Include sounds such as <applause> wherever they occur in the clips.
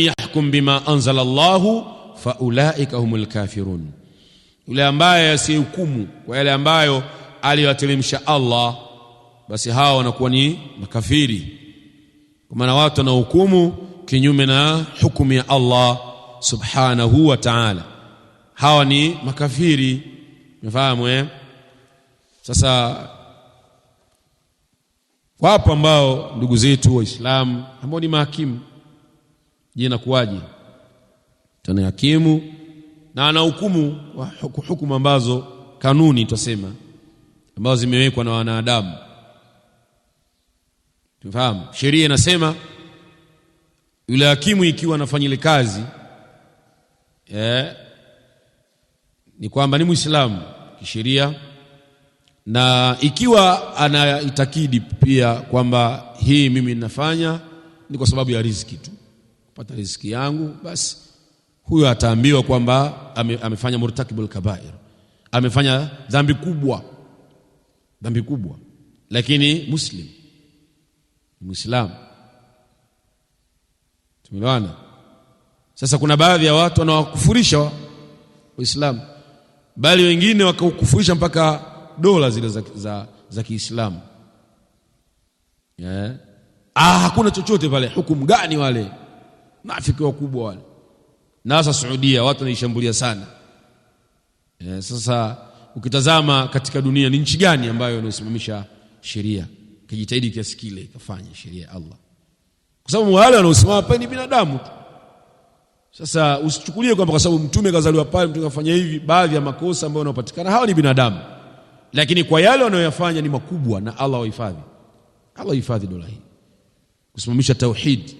yahkum bima anzala Allahu ulaika humul kafirun, yule ambaye asiyehukumu kwa yale ambayo aliyoyateremsha Allah, basi hao wanakuwa ni makafiri. Kwa maana watu wanahukumu kinyume na hukumu ya Allah subhanahu wa ta'ala, hawa ni makafiri. Mfahamu eh? Sasa wapo ambao ndugu zetu Waislamu ambao ni mahakimu kuwaje tena hakimu na anahukumu kwa hukumu ambazo kanuni tutasema ambazo zimewekwa na wanadamu. Tufahamu sheria inasema yule hakimu ikiwa anafanya ile kazi eh, ni kwamba ni Muislamu kisheria, na ikiwa anaitakidi pia kwamba hii mimi ninafanya ni kwa sababu ya riziki tu pata riziki yangu, basi huyo ataambiwa kwamba ame, amefanya murtakibul kabair, amefanya dhambi kubwa, dhambi kubwa, lakini muslim, muislam. Tumeelewana? Sasa kuna baadhi ya watu wanawakufurisha Waislamu, bali wengine wakaukufurisha mpaka dola zile za, za, za Kiislamu yeah. Ah, hakuna chochote pale, hukumu gani wale Nafiki wakubwa wale. Na sasa Saudia watu wanaishambulia sana. E, sasa ukitazama katika dunia ni nchi gani ambayo inasimamisha sheria Kijitahidi kiasi kile ikafanya sheria ya Allah, kwa sababu wale wanaosimama pale ni binadamu tu. Sasa usichukulie kwamba kwa sababu mtume kazaliwa pale, mtume kafanya hivi. Baadhi ya makosa ambayo yanapatikana hawa ni binadamu, lakini kwa yale wanayoyafanya ni makubwa, na Allah wahifadhi, Allah wahifadhi dola hii kusimamisha tauhid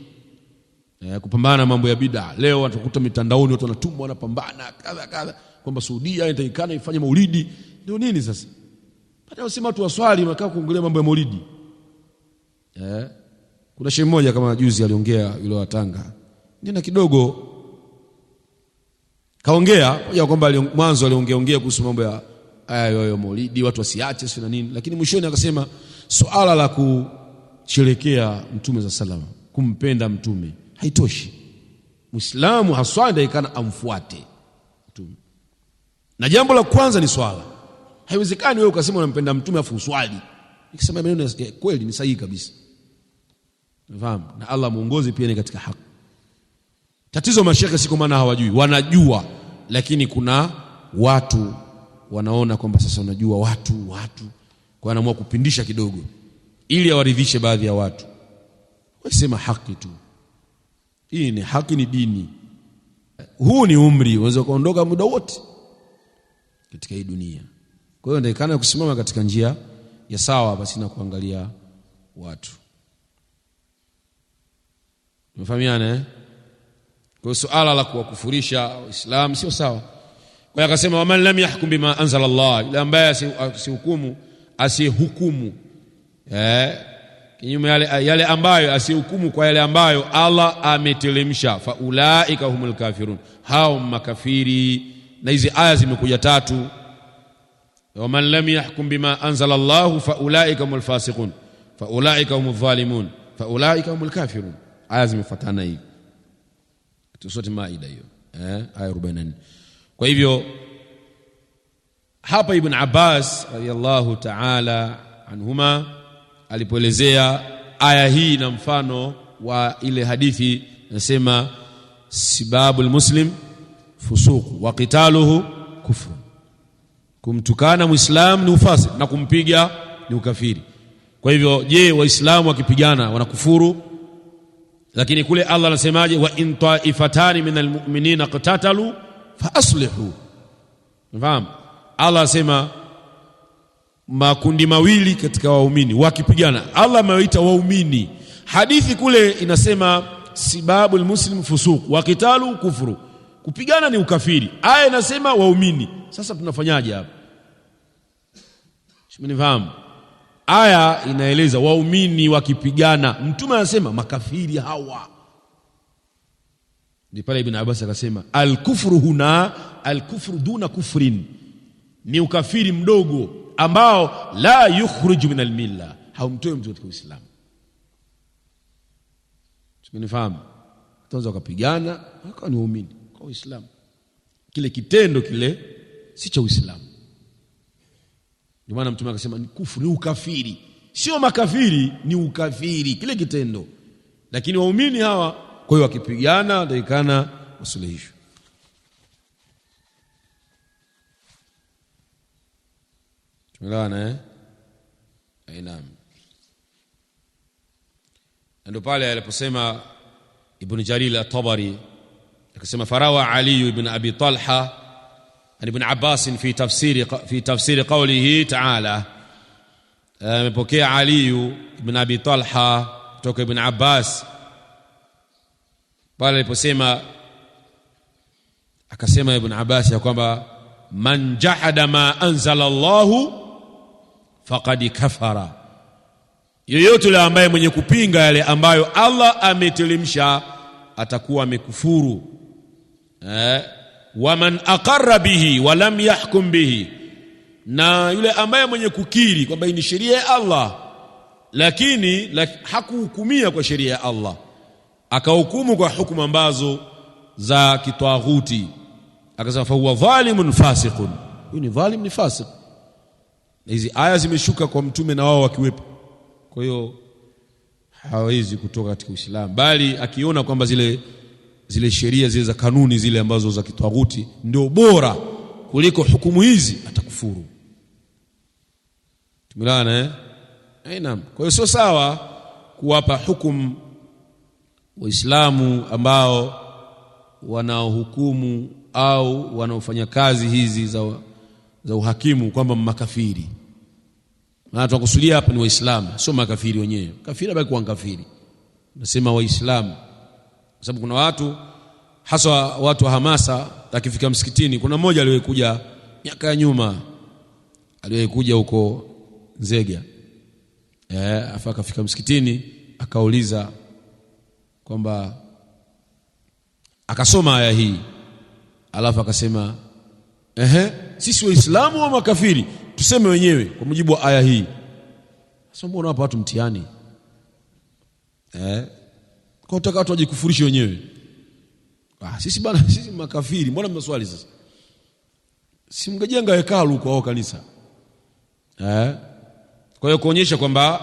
eh, kupambana na mambo ya bida. Leo watakuta mitandaoni watu wanatumwa wanapambana kadha kadha, kwamba Saudia inatakikana ifanye maulidi. Ndio nini sasa? Baada usema watu waswali, unakaa kuongelea mambo ya maulidi eh. Kuna shehe mmoja kama juzi aliongea yule wa Tanga, nina kidogo kaongea hoja kwamba mwanzo aliongea ongea kuhusu mambo ya hayo ya maulidi, watu wasiache sio na nini, lakini mwishoni akasema suala la kusherekea mtume za salama, kumpenda mtume haitoshi. Muislamu haswa ndaikana amfuate Mtume, na jambo la kwanza ni swala. Haiwezekani wewe ukasema unampenda Mtume afu uswali. Nikisema maneno ya kweli ni sahihi kabisa, fahamu na Allah muongozi pia ni katika haki. Tatizo mashekhe siko maana hawajui, wanajua, lakini kuna watu wanaona kwamba sasa, unajua watu watu kwa anaamua kupindisha kidogo ili awaridhishe baadhi ya watu. Wasema haki tu. Hii ni haki, ni dini. Huu ni umri, unaweza kuondoka muda wote katika hii dunia. Kwa hiyo ndaikana kusimama katika njia ya sawa, basi na kuangalia watu. Umefahamiana eh? Kwa suala la kuwakufurisha islam sio sawa. Kwa hiyo akasema, waman lam yahkum bima anzala Allah, yule ambaye asihukumu asihukumu eh kinyume yale, yale ambayo asihukumu kwa yale ambayo Allah ametelemsha. fa ulaika humul kafirun, hao makafiri. Na hizi aya zimekuja tatu, wa man lam yahkum bima anzala Allah fa ulaika humul fasiqun fa ulaika humul zalimun fa ulaika humul kafirun. Aya zimefuatana hivi, sote Maida hiyo eh, aya 44. Kwa hivyo hapa Ibn Abbas radiyallahu ta'ala anhuma alipoelezea aya hii na mfano wa ile hadithi nasema, sibabu almuslim fusuq wa qitaluhu kufru kumtukana muislam ni ufasi na kumpiga ni ukafiri. Kwa hivyo, je, waislamu wakipigana wanakufuru? Lakini kule Allah anasemaje? wa in taifatani min almu'minina qatatalu fa aslihu. Mfahamu? Allah anasema makundi mawili katika waumini wakipigana. Allah amewaita waumini. Hadithi kule inasema sibabu muslim fusuq wakitalu kufru, kupigana ni ukafiri. Aya inasema waumini. Sasa tunafanyaje hapa? Simenifahamu? Aya inaeleza waumini wakipigana, mtume anasema makafiri hawa. Ndipo pale Ibn Abbas akasema alkufru huna alkufru duna kufrin ni ukafiri mdogo ambao la yukhruju min almilla, haumtoi mtu katika Uislamu. Sikunifahamu? Tunaweza wakapigana akawa ni waumini kwa Uislamu, kile kitendo kile si cha Uislamu. Ndio maana Mtume akasema ni kufuru, ni ukafiri, sio makafiri, ni ukafiri kile kitendo. Lakini waumini hawa, kwa hiyo wakipigana, ikana wasuluhisho. Unaona eh? Naam. Ndio pale aliposema Ibn Jarir at-Tabari akasema farawa Ali ibn Abi Talha an Ibn Abbas fi tafsiri fi tafsiri qawlihi ta'ala amepokea Ali ibn Abi Talha kutoka Ibn Abbas pale aliposema akasema Ibn Abbas ya kwamba man jahada ma anzala Allahu faqad kafara, yeyote yule ambaye mwenye kupinga yale ambayo Allah ametelemsha atakuwa amekufuru. Eh, waman aqarra bihi wa lam yahkum bihi, na yule ambaye mwenye kukiri kwamba hii ni sheria ya Allah lakini lak, hakuhukumia kwa sheria ya Allah akahukumu kwa hukumu ambazo za kitwaghuti, akasema fahuwa dhalimun fasiqun, huyu ni dhalim, ni fasiq hizi aya zimeshuka kwa mtume na wao wakiwepo. Kwa hiyo hawezi kutoka katika Uislamu, bali akiona kwamba zile, zile sheria zile za kanuni zile ambazo za kitwaghuti ndio bora kuliko hukumu hizi atakufuru. Tumelana eh? Aina. Eh, kwa hiyo sio sawa kuwapa hukumu Waislamu ambao wanaohukumu au wanaofanya kazi hizi za za uhakimu kwamba makafiri, maana tunakusudia hapa ni Waislamu, sio makafiri wenyewe. Kafiri abaki kwa kafiri, nasema Waislamu kwa sababu kuna watu hasa watu wa hamasa akifika msikitini. Kuna mmoja aliyokuja miaka ya nyuma, aliyokuja huko Nzega eh, afa akafika msikitini akauliza kwamba akasoma aya hii alafu akasema Ehe, sisi Waislamu wa makafiri tuseme wenyewe kwa mujibu wa aya hii. Sasa mbona hapa watu mtihani eh? Kwa utaka watu wajikufurishe wenyewe. Ah, sisi bana, <laughs> sisi makafiri, mbona mnaswali sasa? Si mngejenga hekalu kwa kanisa eh? Kwa hiyo kuonyesha kwamba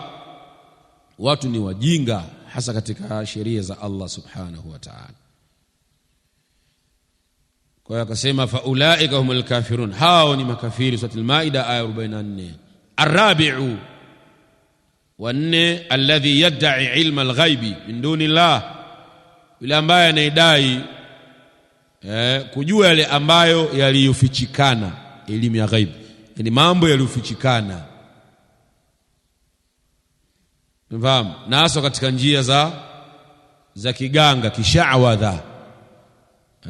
watu ni wajinga hasa katika sheria za Allah subhanahu wa ta'ala. Kwa hiyo akasema faulaika humul kafirun, hao ni makafiri. Surat Al-Maida aya 44. Arabiu wanne, alladhi yadai ilma alghaibi min duni llah, yule ambaye anaidai eh, kujua yale ambayo yaliyofichikana, elimu ya ghaibi, yani mambo yaliyofichikana, mfahamu na katika njia za za kiganga kishawadha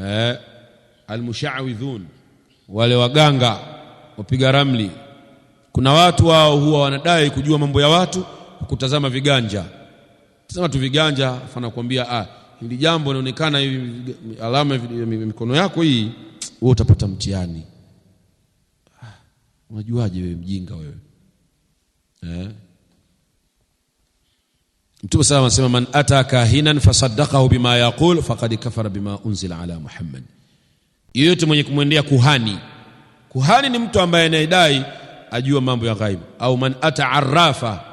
eh, almushawidhun, wale waganga wapiga ramli. Kuna watu wao huwa wanadai kujua mambo ya watu kutazama viganja, tazama tu viganja, afana kuambia ah, hili jambo linaonekana hivi, alama mikono yako hii, wewe utapata mtihani. Ah, unajuaje wewe mjinga wewe eh? Mtume sala anasema man ata kahinan fasaddaqahu bima yaqul faqad kafara bima unzila ala Muhammad. Yeyote mwenye kumwendea kuhani, kuhani ni mtu ambaye anayedai ajua mambo ya ghaibu, au man ata arafa,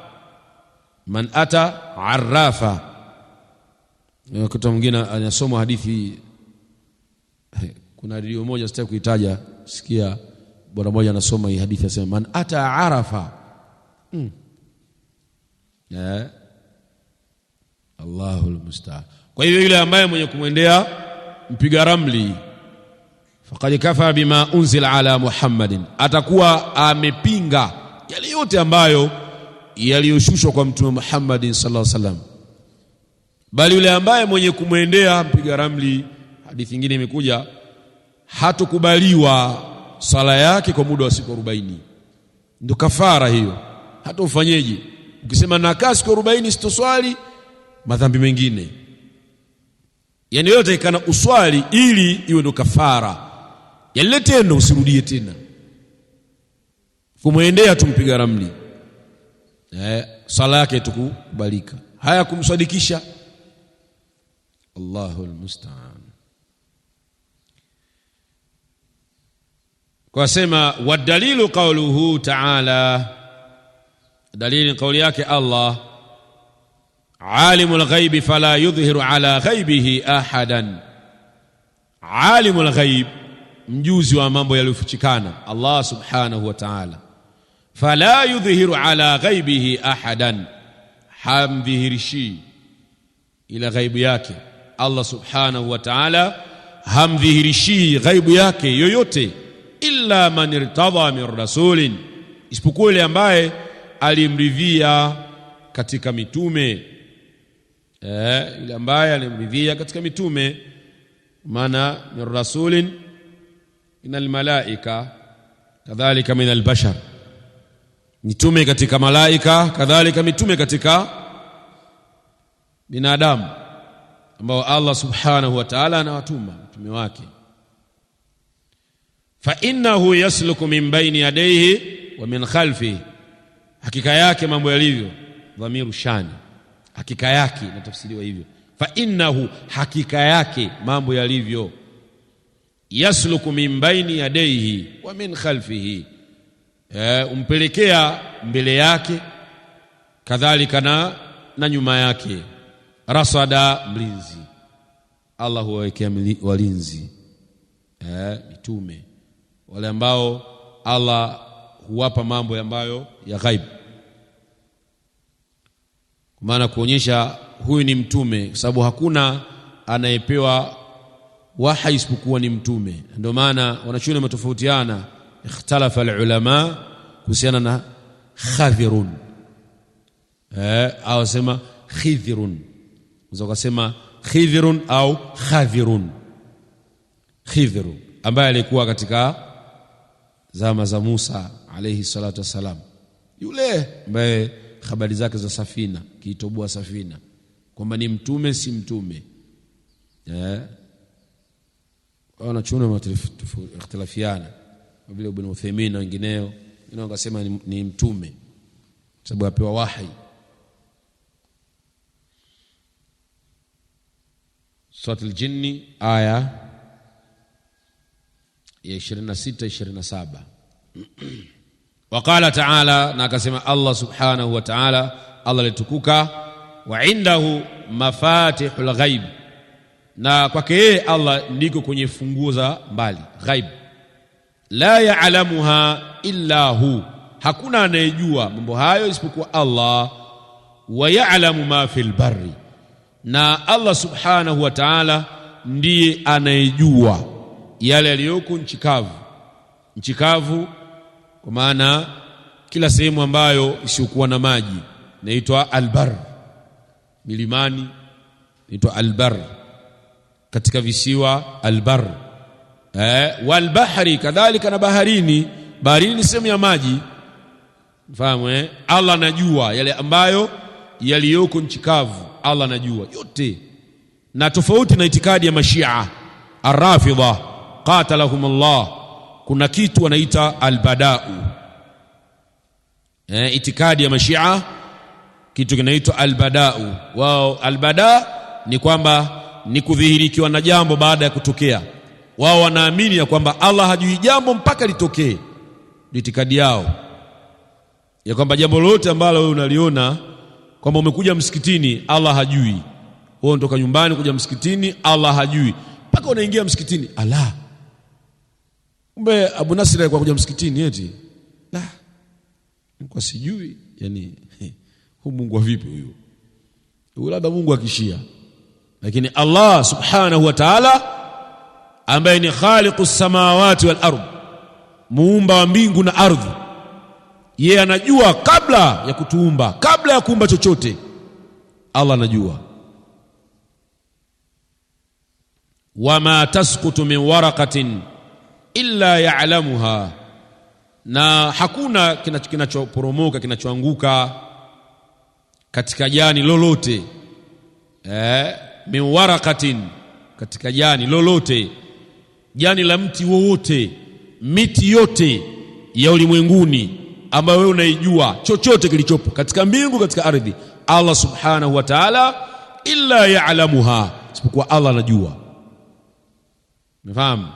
man ata arafa. Kuta mwingine anasoma hadithi. Kuna redio moja sitaki kuitaja, sikia bwana mmoja anasoma hii hadithi, asema man ata arafa mm. yeah. Allahul mustaan. Kwa hiyo yule ambaye mwenye kumwendea mpiga ramli faqad kafara bima unzila ala Muhammadin, atakuwa amepinga yale yote ambayo yaliyoshushwa kwa mtume Muhammadin sallallahu alaihi wasallam. Bali yule ambaye mwenye kumwendea mpiga ramli, hadithi nyingine imekuja, hatokubaliwa sala yake kwa muda wa siku 40. Ndio kafara hiyo, hata ufanyeje, ukisema nakaa siku 40 sitoswali, madhambi mengine yani yote ikana uswali, ili iwe ndio kafara. yale tena usirudie tena, kumwendea tumpiga ramli eh, sala yake tukubalika. Haya kumsadikisha, Allahu almustaan. Kwa sema wadalilu qauluhu taala, dalili kauli yake Allah alimul ghaibi fala yudhhiru ala ghaibihi ahadan. Alimul ghaib mjuzi wa mambo yaliyofichikana Allah subhanahu wa ta'ala, fala yudhhiru ala ghaibihi ahadan, hamdhihirishi ila ghaibu yake Allah subhanahu wa ta'ala, hamdhihirishi ghaibu yake yoyote, illa man irtadha min rasulin, isipokuwa yule ambaye alimridhia katika mitume eh, yule ambaye alimridhia katika mitume, maana min rasulin min almalaika kadhalika min albashar, mitume katika malaika, kadhalika mitume katika binadamu ambao Allah subhanahu wa ta'ala anawatuma mtume wake. Fa innahu yasluku min baini yadayhi wa min khalfi hakika yake mambo yalivyo. Dhamiru shani, hakika yake inatafsiriwa hivyo. Fa innahu, hakika yake mambo yalivyo yasluku min baini yadaihi wa min khalfihi, eh, umpelekea mbele yake kadhalika na, na nyuma yake. Rasada, mlinzi. Allah huwawekea walinzi eh, mitume wale ambao Allah huwapa mambo ambayo ya ghaibu, kwa maana kuonyesha huyu ni mtume, kwa sababu hakuna anayepewa waha isipokuwa ni mtume. Ndio maana wanachuoni wametofautiana, ikhtalafa alulama kuhusiana na khadhirun eh, au sema khidhirun, unaweza kusema khidhirun au khadhirun. Khidhiru ambaye alikuwa katika zama za Musa alayhi salatu wassalam, yule ambaye habari zake za safina kiitoboa safina kwamba ni mtume si mtume eh wanachuoni wamehitilafiana vile Ibn Uthaymeen na wengineo, ina wakasema ni, ni mtume sababu apewa wahi. Surat al-Jinn aya ya 26 27. Waqala taala, na akasema Allah subhanahu wa taala, Allah alitukuka, wa indahu mafatihul ghaibi na kwake yeye Allah ndiko kwenye funguo za mbali ghaib, la yaalamuha illa hu, hakuna anayejua mambo hayo isipokuwa Allah. Wa yaalamu ma fil barri, na Allah subhanahu wa ta'ala ndiye anayejua yale yaliyoko nchi kavu. Nchi kavu kwa maana kila sehemu ambayo isiyokuwa na maji inaitwa albar, milimani inaitwa albar katika visiwa albar eh, walbahri kadhalika na baharini. Baharini ni sehemu ya maji, mfahamu eh? Allah anajua yale ambayo yaliyoko nchikavu Allah anajua yote, na tofauti na itikadi ya mashia arrafidha qatalahum Allah, kuna kitu wanaita albadau eh, itikadi ya mashia kitu kinaitwa albadau. Wao albada ni kwamba ni kudhihirikiwa na jambo baada ya kutokea. Wao wanaamini ya kwamba Allah hajui jambo mpaka litokee, ndio itikadi yao ya kwamba jambo lolote ambalo wewe unaliona kwamba umekuja msikitini Allah hajui, wewe unatoka nyumbani kuja msikitini Allah hajui, mpaka unaingia msikitini ala, kumbe Abu Nasir alikuwa kuja msikitini eti la, nilikuwa sijui. Yani <laughs> huu Mungu wa vipi huyu? Labda Mungu akishia lakini Allah subhanahu wa ta'ala ambaye ni khaliqu samawati wal ard muumba wa mbingu na ardhi, yeye anajua kabla ya kutuumba, kabla ya kuumba chochote, Allah anajua wama taskutu min waraqatin illa ya'lamuha, na hakuna kinachoporomoka kinachoanguka katika jani lolote eh, min warakatin, katika jani lolote, jani la mti wowote, miti yote ya ulimwenguni ambayo wewe unaijua, chochote kilichopo katika mbingu, katika ardhi, Allah subhanahu wa ta'ala, illa ya'lamuha, isipokuwa Allah anajua. Umefahamu?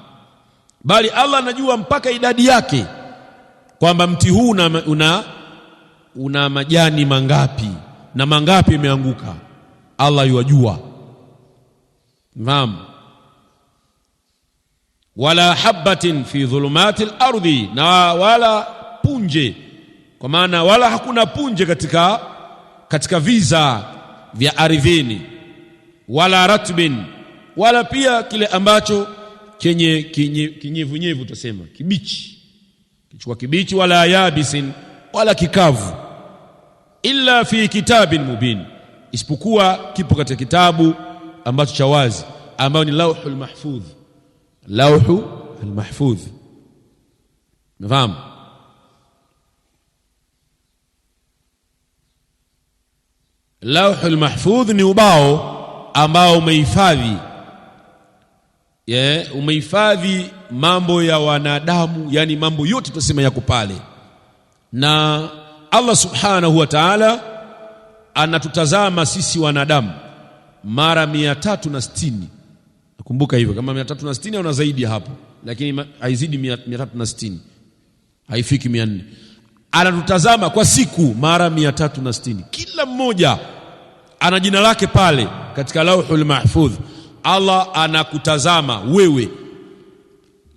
Bali Allah anajua mpaka idadi yake, kwamba mti huu una, una, una majani mangapi na mangapi yameanguka. Allah yuwajua. Naam, wala habatin fi dhulumati lardi, na wala punje, kwa maana wala hakuna punje katika, katika viza vya ardhini, wala ratbin, wala pia kile ambacho chenye kinyevunyevu, tutasema kibichi, kichukua kibichi, wala yabisin, wala kikavu, illa fi kitabin mubin, isipokuwa kipo katika kitabu ambacho cha wazi, ambayo ni lauhul mahfudh. Lauhu almahfudh, umefahamu? Lauhu lmahfudh ni ubao ambao umehifadhi yeah, umehifadhi mambo ya wanadamu, yani mambo yote tunasema yako pale, na Allah subhanahu wa ta'ala anatutazama sisi wanadamu mara mia tatu na sitini nakumbuka hivyo, kama mia tatu na sitini au na zaidi hapo, lakini haizidi mia tatu na sitini haifiki mia nne Anatutazama kwa siku mara mia tatu na sitini Kila mmoja ana jina lake pale katika lauhul mahfudh. Allah anakutazama wewe,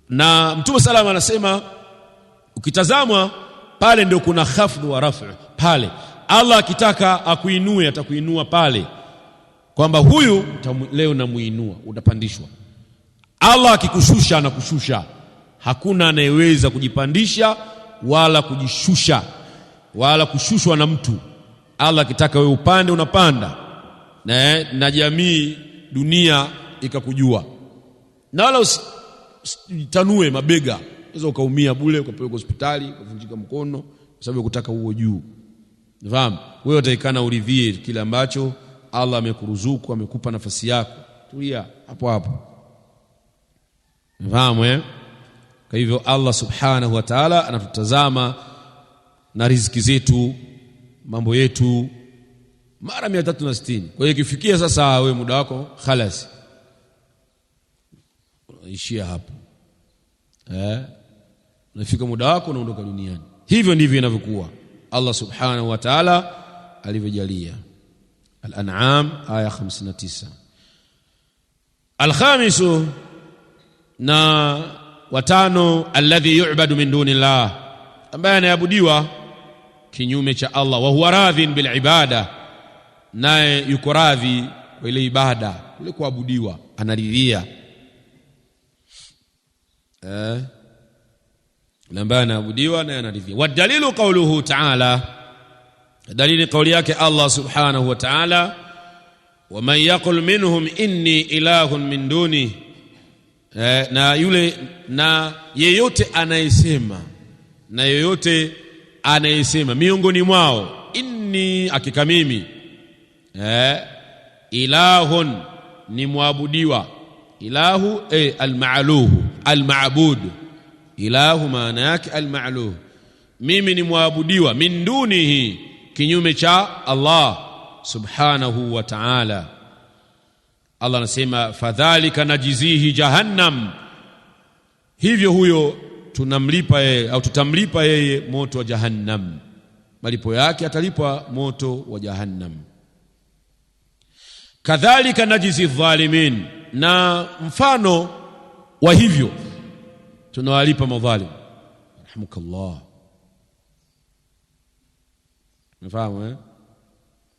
na Mtume salama anasema ukitazamwa pale ndio kuna khafdhu wa rafu pale. Allah akitaka akuinue atakuinua pale kwamba huyu leo namuinua, utapandishwa. Allah akikushusha anakushusha, hakuna anayeweza kujipandisha wala kujishusha wala kushushwa na mtu. Allah akitaka wewe upande unapanda, na, na jamii dunia ikakujua, na wala usitanue mabega, unaweza ukaumia bule, ukapeleka hospitali, ukavunjika mkono, kwa sababu ya kutaka huo juu. Fahamu wewe utaikana uridhie kile ambacho Allah amekuruzuku, amekupa nafasi yako, tulia hapo hapo, mfahamu eh? Kwa hivyo Allah subhanahu wa ta'ala anatutazama na riziki zetu, mambo yetu mara mia tatu na sitini. Kwa hiyo ikifikia sasa, we muda wako khalas, unaishia hapo eh? Unafika muda wako unaondoka duniani. Hivyo ndivyo inavyokuwa Allah subhanahu wa ta'ala alivyojalia. Al-An'am 59. Alkhamisu na watano, alladhi yu'badu min duni llah, ambaye anayabudiwa kinyume cha Allah. Wa huwa radhin bil ibada, naye yuko radhi kwa ile ibada, kule kuabudiwa anaridhia eh, ambaye anaabudiwa naye anaridhia. Wa dalilu qawluhu ta'ala Dalili kauli yake Allah subhanahu wa ta'ala, waman yaqul minhum inni ilahun min duni eh, na yule na yeyote anayesema na yeyote anayesema miongoni mwao inni, hakika mimi eh, ilahun ni mwabudiwa ilahu eh, almaluhu almaabud ilahu maana yake almaluhu, mimi ni mwabudiwa min dunihi kinyume cha Allah subhanahu wa ta'ala. Allah anasema fadhalika najizihi jahannam, hivyo huyo tunamlipa yeye au tutamlipa yeye moto wa jahannam, malipo yake atalipwa moto wa jahannam. Kadhalika najizi dhalimin, na mfano wa hivyo tunawalipa madhalim. Rahmukallah. Mfahamu eh?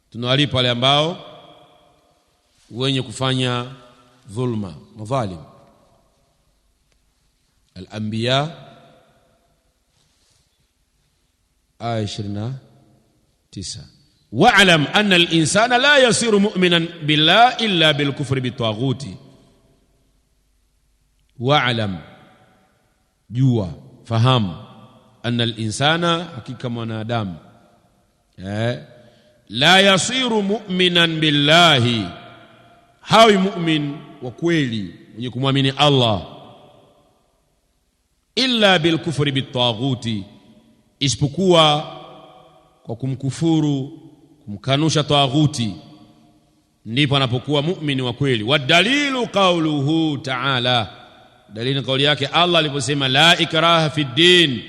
Tunawalipa wale ambao wenye kufanya dhulma, madhalim. Al-Anbiya aya 29, wa'lam anna al-insana la yasiru mu'minan billah illa bil-kufri bilkufri bitaghuti. Wa'lam, jua, fahamu, anna al-insana, hakika mwanadamu eh, la yasiru mu'minan billahi, hawi mu'min wa kweli mwenye kumwamini Allah illa bilkufri bitaghuti, isipokuwa kwa kumkufuru kumkanusha taghuti, ndipo anapokuwa mu'min wa kweli. Wadalilu qauluhu ta'ala, dalili kauli yake Allah aliposema la ikraha fi ddin,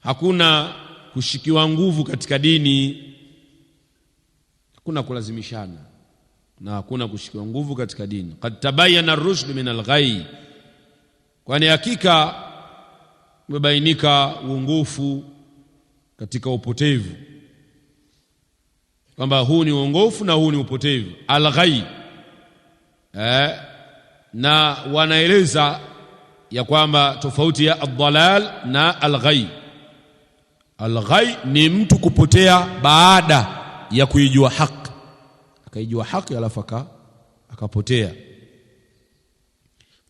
hakuna kushikiwa nguvu katika dini. Hakuna kulazimishana na hakuna kushikiwa nguvu katika dini. Kad tabayana rushd min alghai, kwani hakika umebainika uongofu katika upotevu, kwamba huu ni uongofu na huu ni upotevu. Alghai eh, na wanaeleza ya kwamba tofauti ya aldalal na alghai Alghai ni mtu kupotea baada ya kuijua haki, akaijua haki alafu akapotea.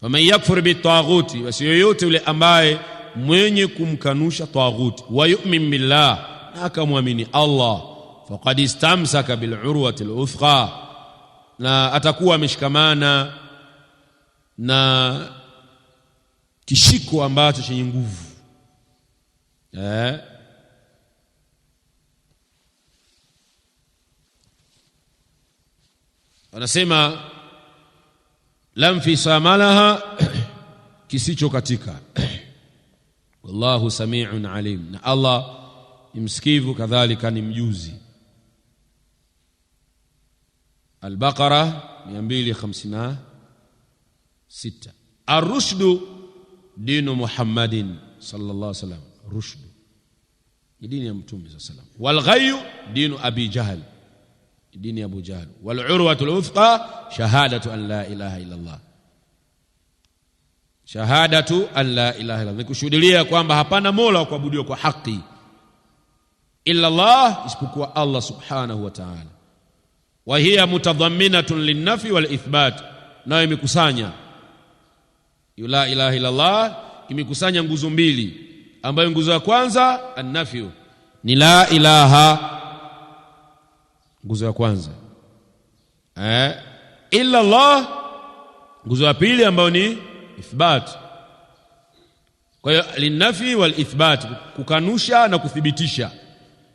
Faman yakfur bitaghuti, basi yoyote yule ambaye mwenye kumkanusha taghuti, wa yu'min billah, na akamwamini Allah, faqad istamsaka al uthqa, na atakuwa ameshikamana na kishiko ambacho chenye nguvu eh wanasema lam fisamalaha <clears throat> kisicho katika <clears throat> wallahu samiun alim, na Allah ni msikivu kadhalika ni mjuzi. Al-Baqara 256 ar dinu Muhammadin sallallahu alaihi wasallam, rushdu ni dini ya Mtume sallallahu alaihi wasallam, wal dinu Abi Jahal dini ya Abu Jahl. Wal urwatul wuthqa shahadatu an la ilaha illa Allah, shahadatu an la ilaha illa Allah, nikushuhudia kwamba hapana mola wa kuabudiwa kwa haki illa Allah, isipokuwa Allah subhanahu wa ta'ala. Wa hiya mutadhamminatun linnafi wal ithbat, nayo imekusanya la ilaha illa Allah, imekusanya nguzo mbili, ambayo nguzo ya kwanza annafyu ni la ilaha nguzo ya kwanza eh, illa Allah, nguzo ya pili ambayo ni ithbat. Kwa hiyo linafi wal ithbat, kukanusha na kuthibitisha.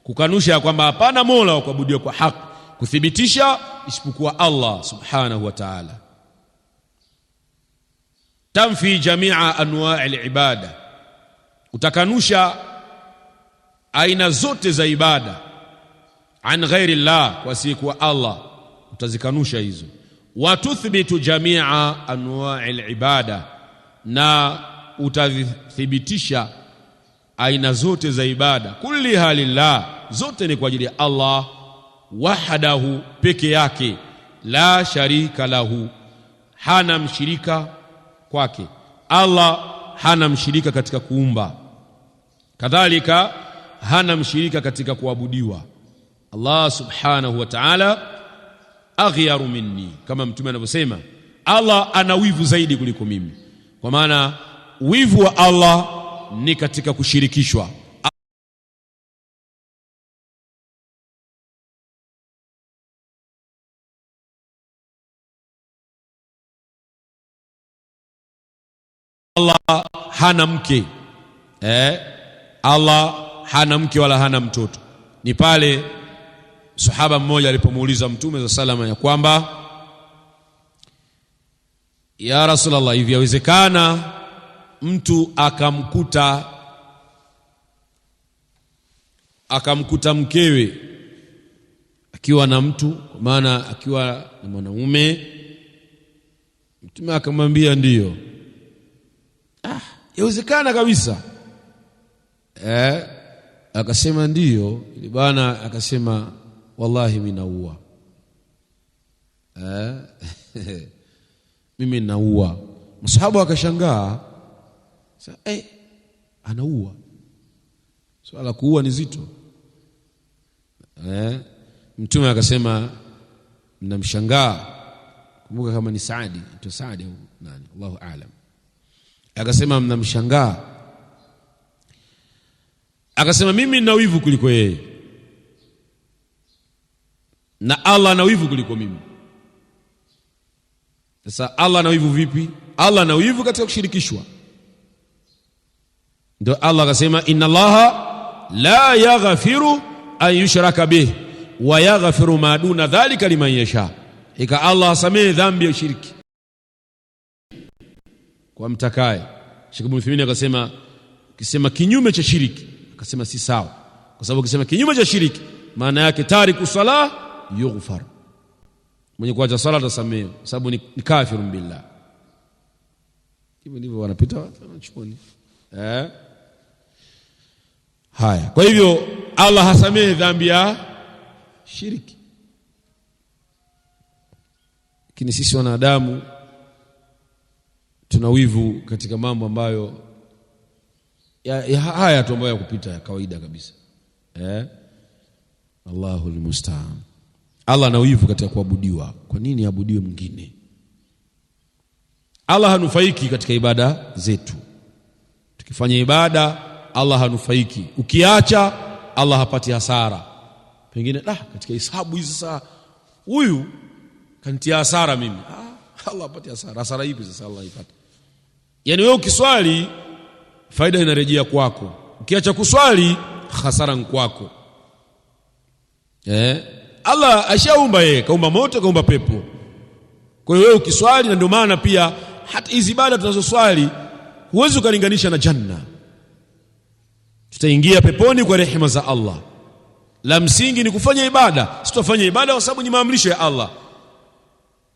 Kukanusha kwamba hapana mola wa kuabudiwa kwa haki, kuthibitisha isipokuwa Allah subhanahu wa ta'ala. Tanfi jamia anwaa libada, utakanusha aina zote za ibada an ghairi llah, kwa siku wa Allah, utazikanusha hizo. Watuthbitu jamia anwai libada, na utazithibitisha aina zote za ibada. Kulliha lillah, zote ni kwa ajili ya Allah wahdahu, peke yake. La sharika lahu, hana mshirika kwake. Allah hana mshirika katika kuumba, kadhalika hana mshirika katika kuabudiwa. Allah subhanahu wa ta'ala aghyaru minni, kama mtume anavyosema, Allah ana wivu zaidi kuliko mimi. Kwa maana wivu wa Allah ni katika kushirikishwa Allah hana mke eh? Allah hana mke wala hana mtoto, ni pale sahaba mmoja alipomuuliza Mtume za salama ya kwamba ya Rasulullah, hivi yawezekana mtu akamkuta akamkuta mkewe akiwa na mtu, kwa maana akiwa na mwanaume? Mtume akamwambia ndiyo. Ah, yawezekana kabisa eh? Akasema ndiyo. Ile bwana akasema wallahi eh? <laughs> mimi naua eh? mimi naua. akashangaa sasa eh, anaua. Swala la kuua ni zito eh? Mtume akasema mnamshangaa, kumbuka kama ni Saadi tu Saadi nani, Allahu aalam. Akasema mnamshangaa, akasema mimi nina wivu kuliko yeye na Allah ana wivu kuliko mimi. Sasa Allah ana wivu vipi? Allah ana wivu katika kushirikishwa. Ndio Allah akasema, inna Allaha la yaghfiru an yushraka bih wa yaghfiru ma duna dhalika liman yasha, ika Allah asamehe dhambi ya ushiriki kwa mtakaye. Sheikh Ibn Uthaymeen akasema, ukisema kinyume cha shiriki, akasema si sawa, kwa sababu akisema kinyume cha shiriki maana yake tariku salah yughfar, mwenye kuacha sala atasamehe, sababu ni kafiru billah. Hivyo ndivyo wanapita watu wanachuoni eh? Haya, kwa hivyo Allah hasamehe dhambi ya shiriki, lakini sisi wanadamu tuna wivu katika mambo ambayo ya, ya, haya tu ambayo ya kupita ya kawaida kabisa eh? Allahul mustaan. Allah ana wivu katika kuabudiwa. Kwa nini abudiwe mwingine? Allah hanufaiki katika ibada zetu. Tukifanya ibada, Allah hanufaiki. Ukiacha, Allah hapati hasara. Pengine ah, katika hisabu hizi sasa huyu kanitia hasara mimi. Ah, <laughs> Allah hapati hasara. Hasara ipi sasa Allah ipate? Yaani wewe ukiswali faida inarejea kwako, ukiacha kuswali hasara ni kwako eh? Allah ashaumba yeye, kaumba moto, kaumba pepo. Kwa hiyo wewe ukiswali, na ndio maana pia hata hizi ibada tunazoswali huwezi ukalinganisha na janna. Tutaingia peponi kwa rehema za Allah. La msingi ni kufanya ibada, tufanye ibada kwa sababu ni maamrisho ya Allah.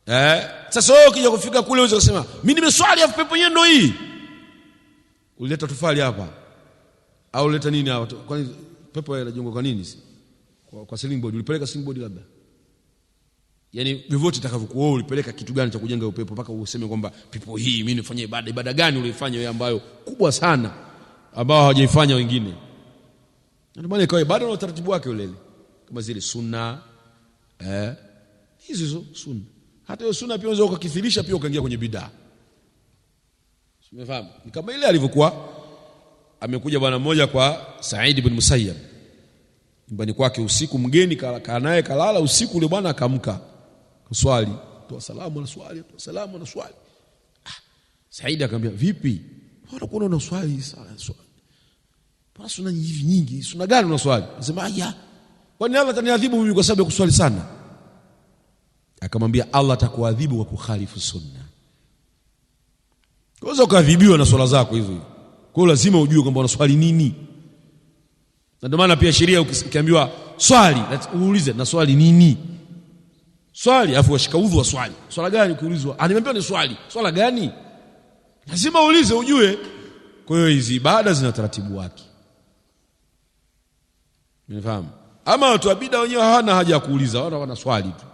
Eh, sasa wewe ukija kufika kule uweze kusema mimi nimeswali afu pepo yenyewe ndio hii. Ulileta tufali hapa au ulileta nini hapa? Kwani pepo inajengwa kwa nini? kwa, kwa sling board ulipeleka sling board labda yani vyovyote wewe ulipeleka kitu gani cha kujenga upepo mpaka useme kwamba pipo hii mimi nifanye ibada ibada gani uliifanya wewe ambayo kubwa sana ambao hawajaifanya wengine ndio maana ikawa ibada na utaratibu wake ule kama zile sunna eh hizo hizo sunna hata hiyo sunna pia unaweza ukakithirisha pia ukaingia kwenye bidaa umefahamu ni kama ile alivyokuwa amekuja bwana mmoja kwa Said ibn Musayyab nyumbani kwake usiku, mgeni kalakaa naye kalala usiku ule, bwana akamka kuswali, toa salamu na swali, toa salamu na swali. Ah, Saidi akamwambia vipi, bwana kuna una swali sana swali, bwana suna hivi nyingi, suna gani una swali? Anasema aya, kwani Allah ataniadhibu mimi kwa sababu ya kuswali sana? Akamwambia Allah atakuadhibu kwa kukhalifu sunna. kwa sababu ukaadhibiwa na swala zako hizo, kwa lazima ujue kwamba unaswali nini. Na ndio maana pia sheria ukiambiwa swali, uulize na swali nini? Swali afu washika udhu wa swali. Swala gani kuulizwa Ah, ni swali. Swala gani? Lazima uulize ujue. Kwa hiyo hizi ibada zina taratibu wake. Unifahamu? Ama watu abida wenyewe hana haja ya kuuliza, wana wana swali tu.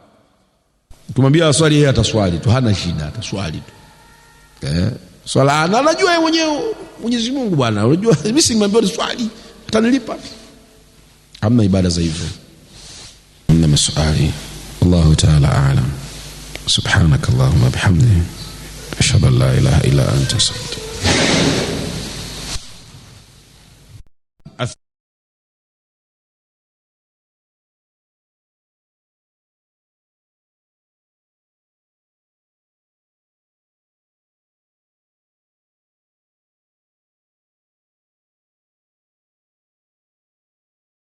Tumwambia swali yeye ataswali tu, hana shida, ataswali tu. Eh? Swala na anajua yeye mwenyewe Mwenyezi Mungu bwana. Unajua <laughs> mimi simwambia ni swali. utanilipa? Hamna ibada za hivyo. Hamna maswali. Allahu ta'ala a'lam. Subhanakallahumma bihamdika ashhadu an la ilaha illa anta astaghfiruka